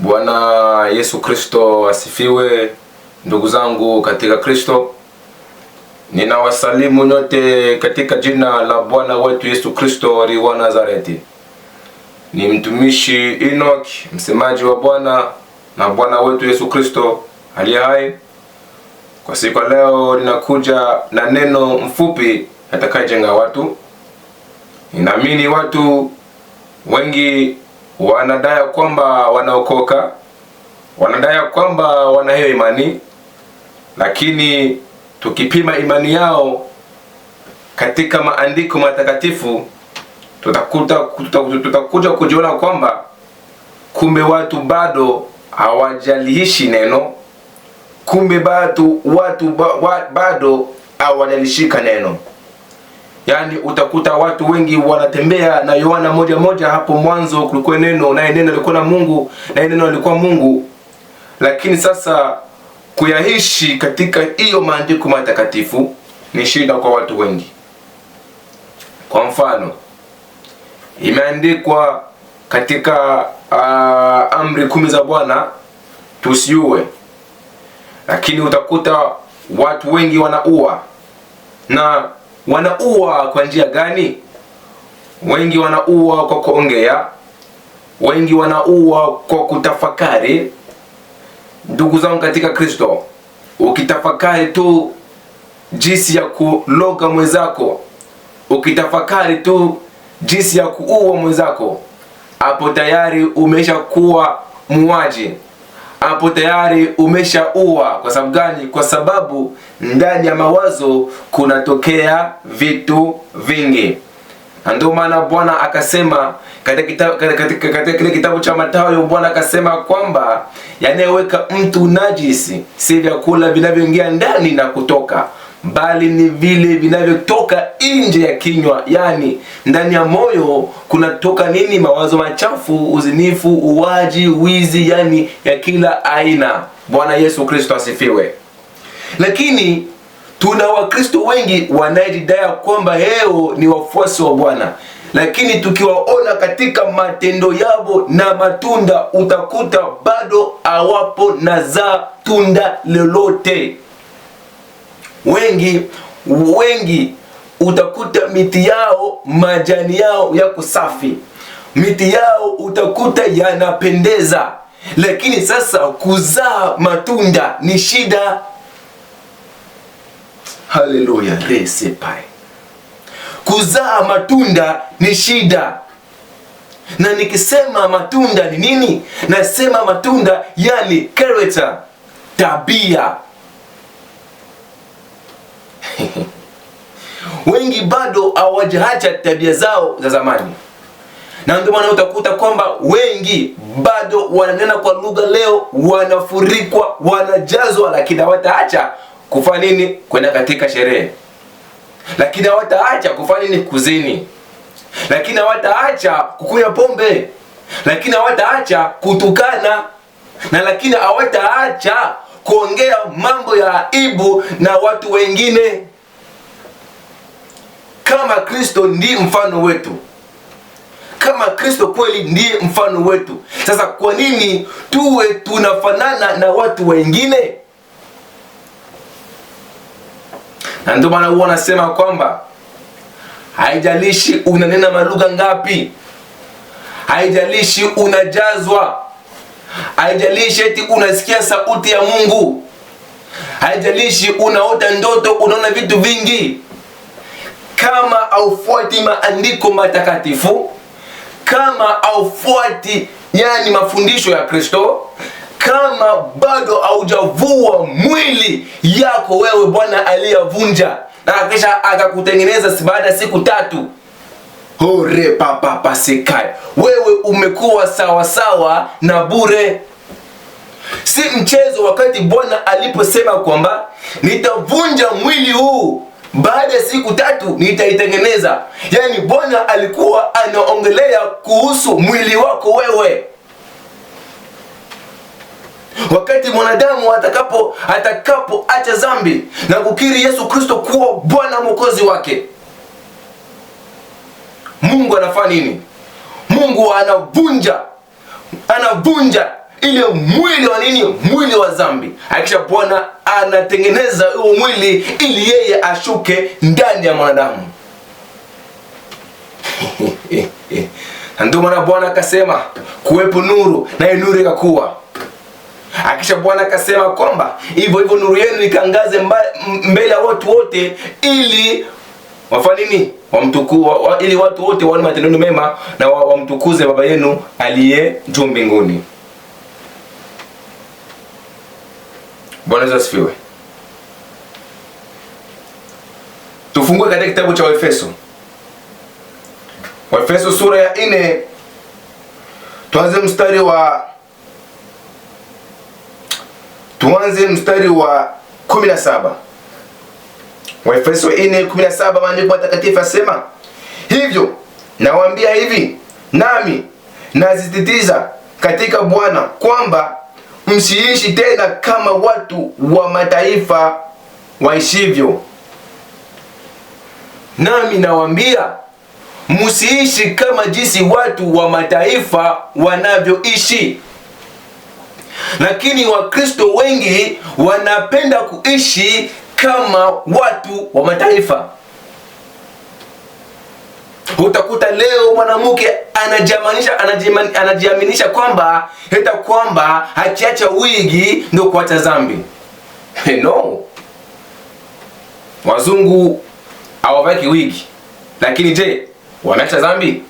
Bwana Yesu Kristo asifiwe. Ndugu zangu katika Kristo, ninawasalimu nyote katika jina la Bwana wetu Yesu Kristo ali wa Nazareti. Ni mtumishi Enoch, msemaji wa Bwana na Bwana wetu Yesu Kristo aliye hai. Kwa siku ya leo, ninakuja na neno mfupi atakayejenga watu. Ninaamini watu wengi wanadaya kwamba wanaokoka, wanadaya kwamba wana hiyo imani, lakini tukipima imani yao katika maandiko matakatifu tutakuta tutakuja kujiona kwamba kumbe watu bado hawajaliishi neno, kumbe batu, watu ba, wa, bado hawajalishika neno. Yaani utakuta watu wengi wanatembea na Yohana moja moja. Hapo mwanzo kulikuwa neno, naye neno alikuwa na Mungu, naye neno alikuwa Mungu. Lakini sasa kuyaishi katika hiyo maandiko matakatifu ni shida kwa watu wengi. Kwa mfano, imeandikwa katika uh, amri kumi za Bwana tusiue, lakini utakuta watu wengi wanaua na wanaua kwa njia gani? Wengi wanaua kwa kuongea, wengi wanaua kwa kutafakari. Ndugu zangu katika Kristo, ukitafakari tu jinsi ya kuloga mwenzako, ukitafakari tu jinsi ya kuua mwenzako, hapo tayari umesha kuwa muuaji hapo tayari umeshaua. Kwa sababu gani? Kwa sababu ndani ya mawazo kunatokea vitu vingi, na ndio maana Bwana akasema katika kitabu katika kile kitabu cha Mathayo, Bwana akasema kwamba yanayeweka mtu najisi si vyakula vinavyoingia ndani na kutoka bali ni vile vinavyotoka nje ya kinywa, yani ndani ya moyo kunatoka nini? Mawazo machafu, uzinifu, uwaji, wizi, yani ya kila aina. Bwana Yesu Kristo asifiwe. Lakini tuna Wakristo wengi wanayejidai kwamba heo ni wafuasi wa Bwana, lakini tukiwaona katika matendo yabo na matunda, utakuta bado hawapo nazaa tunda lolote wengi wengi utakuta miti yao majani yao yako safi, miti yao utakuta yanapendeza, lakini sasa kuzaa matunda ni shida. Haleluya, resepai, kuzaa matunda ni shida. Na nikisema matunda ni nini? Nasema matunda yani character, tabia wengi bado hawajaacha tabia zao za zamani, na ndio maana utakuta kwamba wengi bado wananena kwa lugha leo, wanafurikwa, wanajazwa, lakini hawataacha kufanya nini? Kwenda katika sherehe, lakini hawataacha kufanya nini? Kuzini, lakini hawataacha kukunywa pombe, lakini hawataacha kutukana na lakini hawataacha kuongea mambo ya aibu na watu wengine. Kama Kristo ndiye mfano wetu, kama Kristo kweli ndiye mfano wetu, sasa kwa nini tuwe tunafanana na watu wengine? Na ndio maana huwa anasema kwamba haijalishi unanena malugha ngapi, haijalishi unajazwa Haijalishi eti unasikia sauti ya Mungu, haijalishi unaota ndoto, unaona vitu vingi, kama haufuati maandiko matakatifu, kama haufuati yani mafundisho ya Kristo, kama bado haujavua mwili yako wewe Bwana aliyavunja na kisha akakutengeneza baada ya siku tatu hore papapa sekai, wewe umekuwa sawasawa na bure. Si mchezo wakati Bwana aliposema kwamba nitavunja mwili huu baada ya siku tatu nitaitengeneza. Yaani Bwana alikuwa anaongelea kuhusu mwili wako wewe. Wakati mwanadamu atakapo atakapo acha dhambi na kukiri Yesu Kristo kuwa Bwana mwokozi wake Mungu anafanya nini? Mungu anavunja anavunja ile mwili wa nini? Mwili wa dhambi. Akisha Bwana anatengeneza huo mwili ili yeye ashuke ndani ya mwanadamu. Ndio maana Bwana akasema kuwepo nuru, naye nuru ikakuwa. Akisha Bwana akasema kwamba hivyo hivyo nuru yenu ikangaze mbele ya watu wote ili wafanye nini? Wamtukuu wa, ili watu wote waone matendo mema na wamtukuze wa baba yenu aliye juu mbinguni. Bwana Yesu asifiwe. Tufungue katika kitabu cha Waefeso. Waefeso sura ya 4 tuanze mstari wa tuanze mstari wa 17. Waefeso 4:17 maandiko matakatifu asema hivyo, nawaambia hivi nami nazititiza katika Bwana kwamba msiishi tena kama watu wa mataifa waishivyo. Nami nawaambia msiishi kama jinsi watu wa mataifa wanavyoishi. Lakini Wakristo wengi wanapenda kuishi kama watu wa mataifa. Utakuta leo mwanamke anajamanisha anajiaminisha kwamba hata kwamba akiacha wigi ndio kuacha zambi. No, wazungu hawavaki wigi, lakini je, wameacha zambi?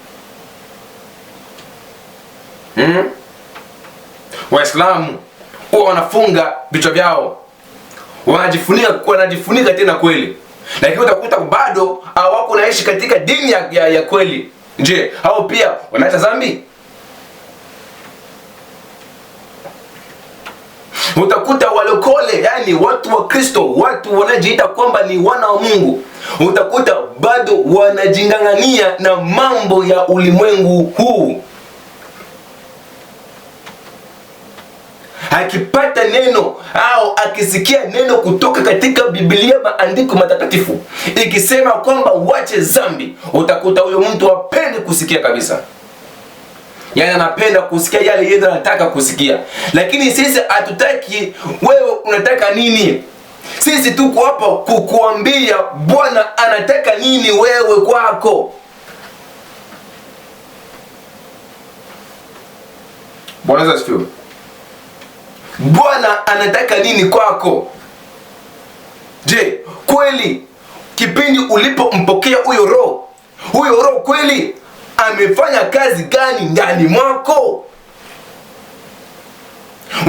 Hmm? Waislamu huwa wanafunga vichwa vyao wanajifunika wanajifunika tena kweli, lakini utakuta bado hawako naishi katika dini ya, ya, ya kweli. Je, hao pia wanaacha dhambi? Utakuta walokole, yani watu wa Kristo, watu wanajiita kwamba ni wana wa Mungu, utakuta bado wanajingang'ania na mambo ya ulimwengu huu. akipata neno au akisikia neno kutoka katika Biblia maandiko matakatifu ikisema kwamba wache zambi, utakuta huyo mtu apende kusikia kabisa. Yani anapenda kusikia yale yeye anataka kusikia, lakini sisi hatutaki. Wewe unataka nini? Sisi tuko hapa kukuambia Bwana anataka nini wewe kwako. Bwana asifiwe. Bwana anataka nini kwako? Je, kweli kipindi ulipompokea huyo roho, huyo roho kweli amefanya kazi gani ndani mwako?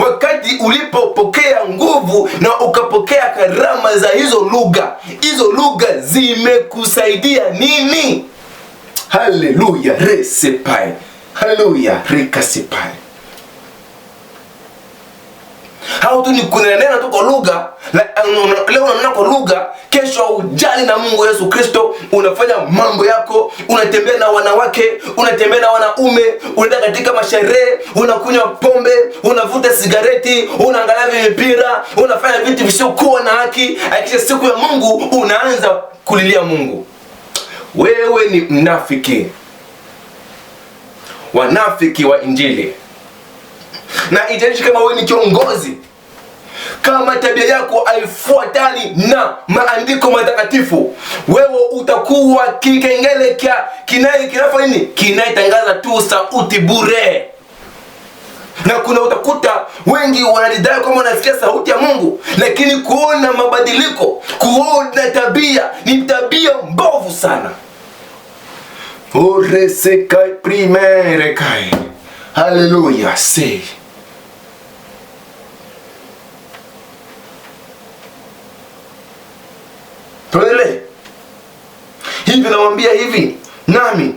Wakati ulipopokea nguvu na ukapokea karama za hizo lugha, hizo lugha zimekusaidia nini? Haleluya, resepai. Haleluya, rikasipai. au tu ni kunenena tu kwa lugha. Eh, leo unanena kwa lugha, kesho ujali na Mungu Yesu Kristo, unafanya mambo yako, unatembea na wanawake, unatembea na wanaume, unaenda katika masherehe, unakunywa pombe, unavuta sigareti, unaangalia mipira, unafanya vitu visiokuwa na haki. Akisha siku ya Mungu unaanza kulilia Mungu, wewe ni mnafiki. Wanafiki wa Injili na itaishi kama wewe ni kiongozi kama tabia yako haifuatani na maandiko matakatifu, wewe utakuwa kikengele kia kinai kinafa nini? Kinaitangaza tu sauti bure na kuna utakuta wengi wanadai kwamba wanasikia sauti ya Mungu, lakini kuona mabadiliko, kuona tabia ni tabia mbovu sana. primere kai. haleluya see. tuendelee hivi. Namwambia hivi nami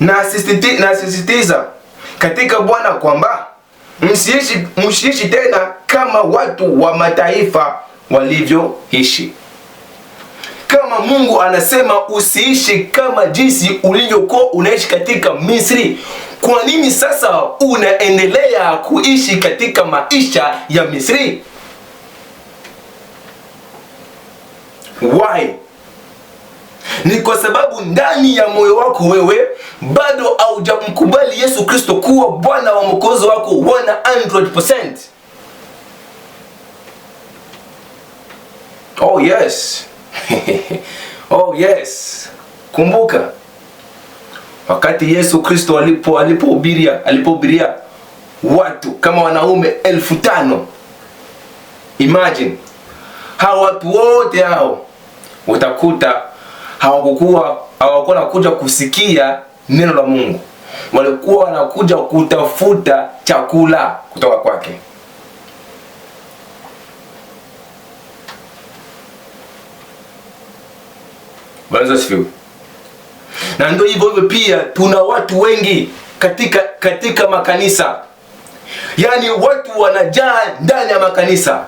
nasisitiza katika Bwana kwamba msiishi msiishi tena kama watu wa mataifa walivyoishi. Kama Mungu anasema usiishi kama jinsi ulivyokuwa unaishi katika Misri, kwa nini sasa unaendelea kuishi katika maisha ya Misri? Why? Ni kwa sababu ndani ya moyo wako wewe bado haujamkubali Yesu Kristo kuwa Bwana wa mwokozi wako 100%. Oh yes. Oh yes. Kumbuka wakati Yesu Kristo alipo alipohubiria alipohubiria watu kama wanaume elfu tano. Imagine hao watu wote hao utakuta hawakukuwa hawakuwa nakuja kusikia neno la Mungu, walikuwa wanakuja kutafuta chakula kutoka kwake. Na ndio hivyo hivyo pia tuna watu wengi katika, katika makanisa, yaani watu wanajaa ndani ya makanisa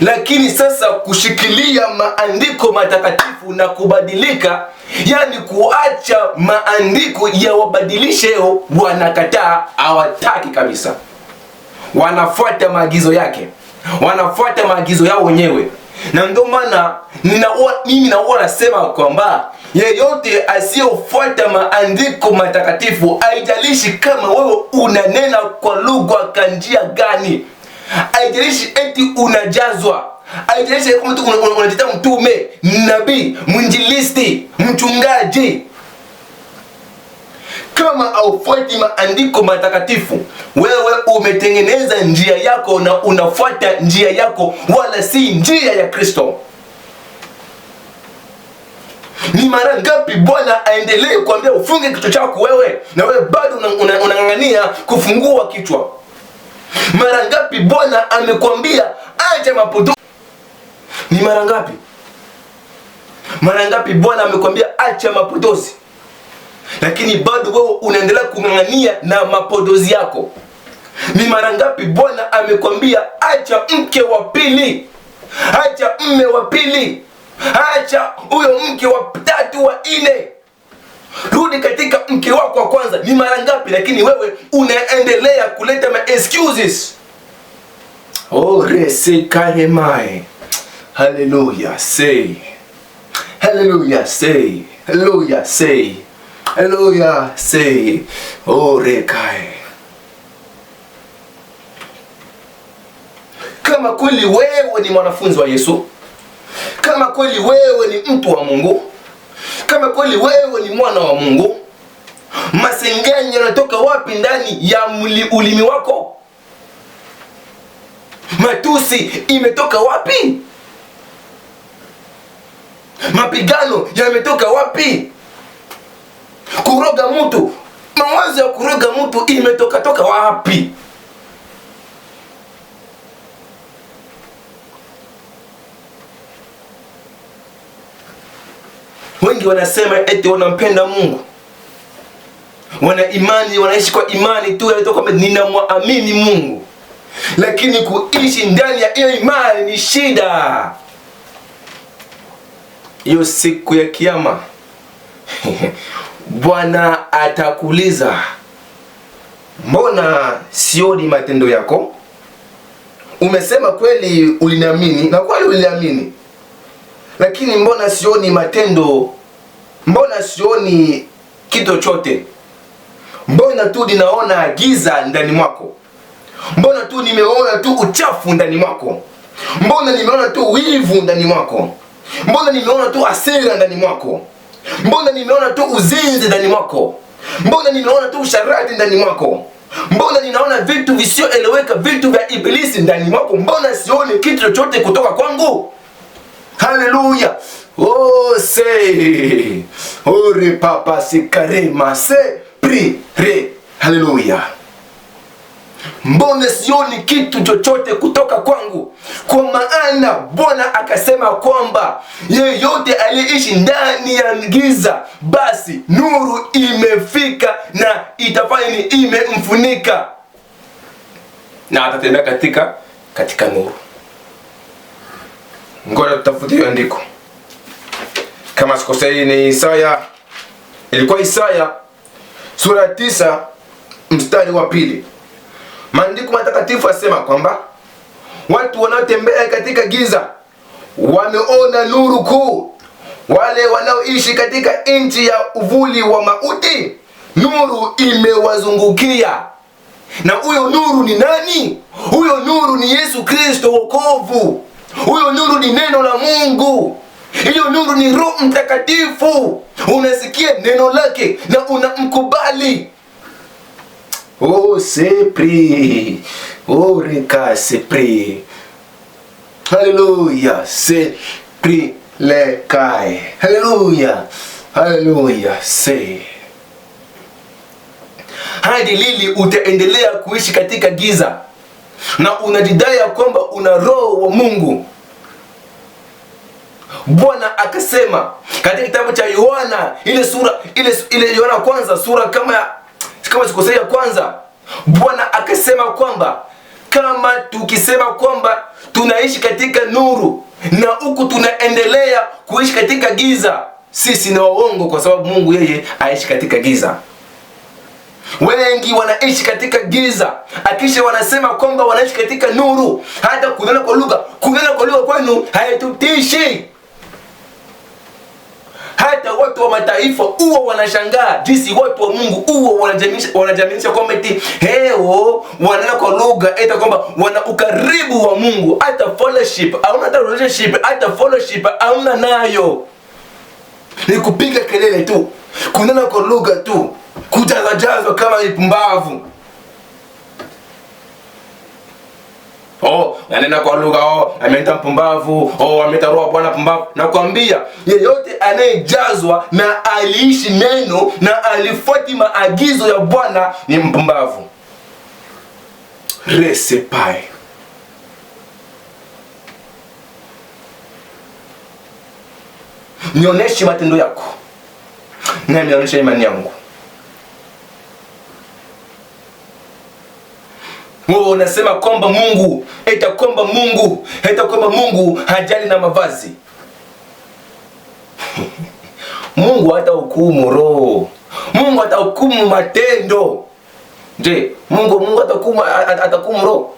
lakini sasa kushikilia maandiko matakatifu na kubadilika, yani kuacha maandiko yawabadilishe, wanakataa, hawataki kabisa, wanafuata maagizo yake, wanafuata maagizo yao wenyewe, na ndio maana mimi naua nasema kwamba yeyote asiyofuata maandiko matakatifu, haijalishi kama wewe unanena kwa lugha kanjia gani Haijalishi eti unajazwa, haijalishi kama mtu unajiita mtume, nabii, mwinjilisti, mchungaji, kama haufuati maandiko matakatifu, wewe umetengeneza njia yako na unafuata njia yako, wala si njia ya Kristo. Ni mara ngapi Bwana aendelee kuambia ufunge kichwa chako wewe, na wewe bado unang'ang'ania una, una kufungua kichwa mara ngapi Bwana amekwambia acha mapotofu? Ni mara ngapi? Mara ngapi Bwana amekwambia acha mapodozi lakini bado wewe unaendelea kung'ang'ania na mapodozi yako? Ni mara ngapi Bwana amekwambia acha mke wa pili, acha mme wa pili, acha huyo mke wa tatu, wa nne Rudi katika mke wako wa kwanza. Ni mara ngapi? Lakini wewe unaendelea kuleta ma excuses. Oh, mai. Hallelujah, say. Hallelujah, say. Hallelujah, say. Hallelujah, say. Oh, rekae. Kama kweli wewe ni mwanafunzi wa Yesu, kama kweli wewe ni mtu wa Mungu kama kweli wewe ni mwana wa Mungu, masengenyo yanatoka wapi ndani ya ulimi wako? Matusi imetoka wapi? Mapigano yametoka wapi? Kuroga mtu, mawazo ya kuroga mtu imetoka toka wapi? Wengi wanasema eti wanampenda Mungu, wana imani, wanaishi kwa imani tu, kwamba ninamwamini Mungu, lakini kuishi ndani ya hiyo imani ni shida. Hiyo siku ya Kiyama Bwana atakuuliza, mbona sioni matendo yako? Umesema kweli uliniamini, na kweli uliniamini lakini mbona sioni matendo? Mbona sioni kitu chote? Mbona tu ninaona giza ndani mwako? Mbona tu nimeona tu uchafu ndani mwako? Mbona nimeona tu wivu ndani mwako? Mbona nimeona tu hasira ndani mwako? Mbona nimeona tu uzinzi ndani mwako? Mbona nimeona tu usharati ndani mwako? Mbona ninaona vitu visioeleweka, vitu vya Ibilisi ndani mwako? Mbona sioni kitu chochote kutoka kwangu? Haleluya. Oh, se ore papa sikarema se pri re. Haleluya. Mbona sioni kitu chochote kutoka kwangu, kwa maana Bwana akasema kwamba yeyote aliyeishi ndani ya giza, basi nuru imefika na itafanya ni imemfunika na atatembea katika katika nuru. Ngoja tutafute hiyo andiko. Kama sikosei ni Isaya, ilikuwa Isaya sura ya tisa mstari wa pili. Maandiko matakatifu asema kwamba watu wanaotembea katika giza wameona nuru kuu, wale wanaoishi katika nchi ya uvuli wa mauti nuru imewazungukia. Na huyo nuru ni nani? Huyo nuru ni Yesu Kristo wokovu huyo nuru ni neno la Mungu. Hiyo nuru ni Roho Mtakatifu. Unasikia neno lake na unamkubali. Oh, sepri. reka sepri. Haleluya. Sepri lekae Haleluya. Haleluya. Se. Hadi lili utaendelea kuishi katika giza na unajidai ya kwamba una roho wa Mungu. Bwana akasema katika kitabu cha Yohana ile sura ile ile Yohana kwanza sura kama kama sikosei ya kwanza, Bwana akasema kwamba kama tukisema kwamba tunaishi katika nuru na huku tunaendelea kuishi katika giza, sisi ni waongo, kwa sababu Mungu yeye aishi katika giza. Wengi wanaishi katika giza, akisha wanasema kwamba wanaishi katika nuru. Hata kunena kwa lugha, kunena kwa lugha kwenu haitutishi. Hata watu wa mataifa huwa wanashangaa jinsi watu wa Mungu huwa wanajaminisha kwamba eti heo wanena kwa lugha, eti kwamba wana ukaribu wa Mungu. Hata fellowship au hata relationship, hata fellowship hauna nayo, ni kupiga kelele tu, kunena kwa lugha tu kujazwajazwa kama ipumbavu. Oh, nanena kwa lugha oh, ameita mpumbavu oh, ameita roho Bwana pumbavu. Nakwambia yeyote anayejazwa na aliishi neno na alifuati maagizo ya Bwana ni mpumbavu. Resepae nioneshe matendo yako, nami naonesha imani yangu. Wewe unasema kwamba Mungu eta kwamba Mungu eta kwamba Mungu hajali na mavazi Mungu hata hukumu roho, Mungu hata hukumu matendo. Je, Mungu Mungu atakumu atakumu roho?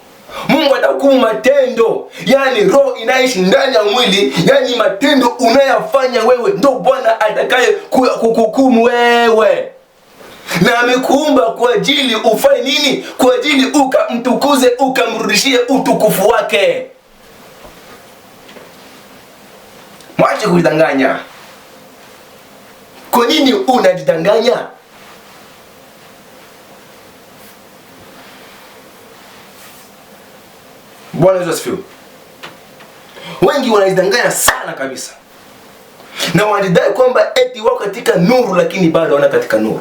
Mungu atahukumu matendo, yaani roho inaishi ndani ya mwili, yaani matendo unayofanya wewe, ndo Bwana atakaye kuhukumu wewe na amekuumba kwa ajili ufanye nini? Kwa ajili ukamtukuze, ukamrudishie utukufu wake. Mwache kujidanganya. Kwa nini unajidanganya? Bwana Yesu asifiwe. Wengi wanajidanganya sana kabisa, na wanajidai kwamba eti wako katika nuru, lakini bado wana katika nuru.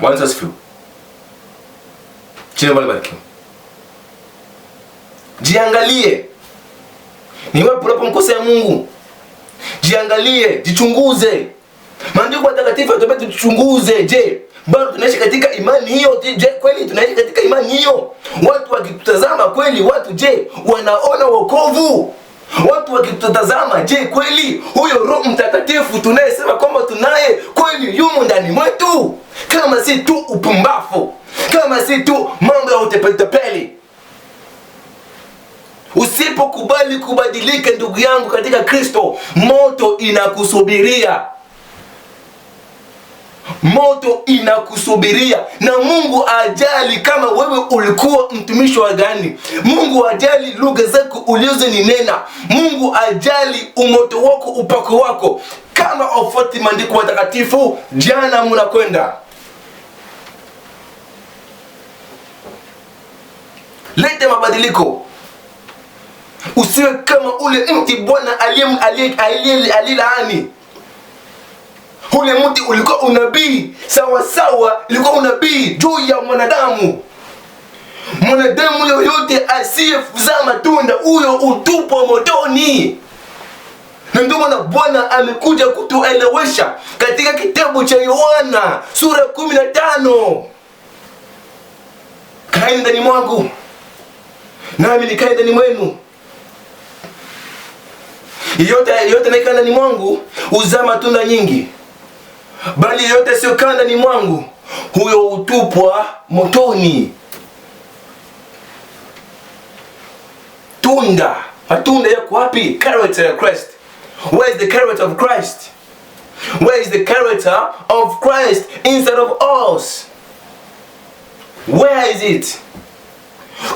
Bwana asifiwe. Jina Bwana barikiwe. Jiangalie. Ni wapi unapomkosea Mungu? Jiangalie, jichunguze. Maandiko matakatifu yatupe tuchunguze, Je, bado tunaishi katika imani hiyo? Je, kweli tunaishi katika imani hiyo? Watu wakitutazama kweli, watu je, wanaona wokovu? Watu wakitutazama, je, kweli huyo Roho Mtakatifu tunayesema kwamba tunaye kweli yumo ndani mwetu? Kama si tu upumbafu, kama si tu mambo ya utepetepeli. Usipokubali kubadilika, ndugu yangu katika Kristo, moto inakusubiria moto inakusubiria, na Mungu ajali kama wewe ulikuwa mtumishi wa gani. Mungu ajali lugha zako nena. Mungu ajali umoto wako, upako wako, kama ofoti maandiko matakatifu jana munakwenda lete mabadiliko. Usiwe kama ule mti Bwana aliyelaani Daudi ulikuwa unabii sawasawa, ilikuwa unabii juu ya mwanadamu. Mwanadamu yoyote asiyezaa matunda huyo utupwa motoni. Na ndio maana Bwana amekuja kutuelewesha katika kitabu cha Yohana sura ya kumi na tano kaeni ndani mwangu nami nikae ndani mwenu. yote yeyote anayekaa ndani mwangu uzaa matunda nyingi bali yote asiyokaa ndani mwangu huyo hutupwa motoni. Tunda, matunda yako wapi? Character ya Christ. Where is the character of Christ? Where is the character of Christ inside of us? Where is it?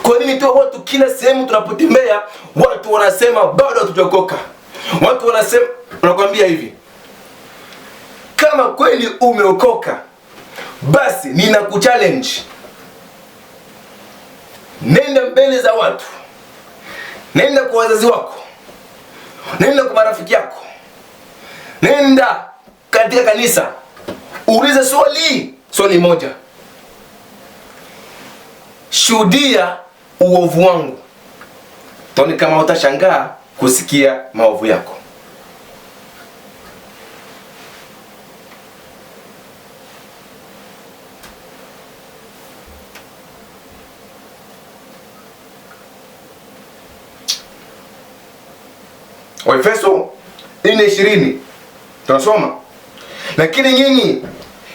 Kwa nini tu watu kila sehemu tunapotembea watu wanasema bado hatujaokoka? Watu wanasema, wanakuambia hivi kama kweli umeokoka, basi nina ninakuchallenge, nenda mbele za watu, nenda kwa wazazi wako, nenda kwa marafiki yako, nenda katika kanisa, uulize swali swali moja, shuhudia uovu wangu. Toni, kama utashangaa kusikia maovu yako. Waefeso nne tunasoma, lakini nyinyi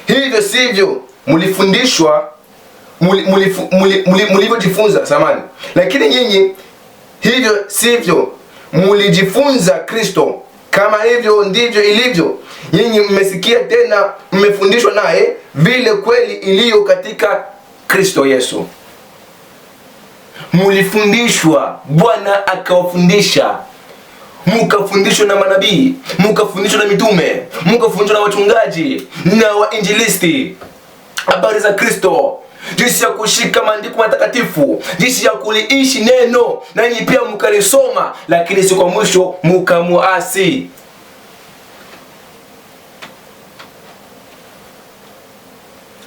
hivyo sivyo mlifundishwa mlivyojifunza samani, lakini nyinyi hivyo sivyo mulijifunza Kristo, kama hivyo ndivyo ilivyo. Nyinyi mmesikia tena mmefundishwa naye vile kweli iliyo katika Kristo Yesu. Mulifundishwa, Bwana akawafundisha mukafundishwa na manabii, mukafundishwa na mitume, mukafundishwa na wachungaji na wainjilisti habari za Kristo, jinsi ya kushika maandiko matakatifu, jinsi ya kuliishi neno, nanyi pia mukalisoma, lakini si kwa mwisho mukamuasi.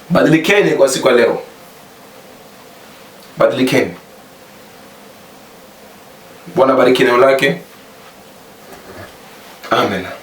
Badilikeni kwa siku ya leo, badilikeni. Bwana bariki neno lake. Amen.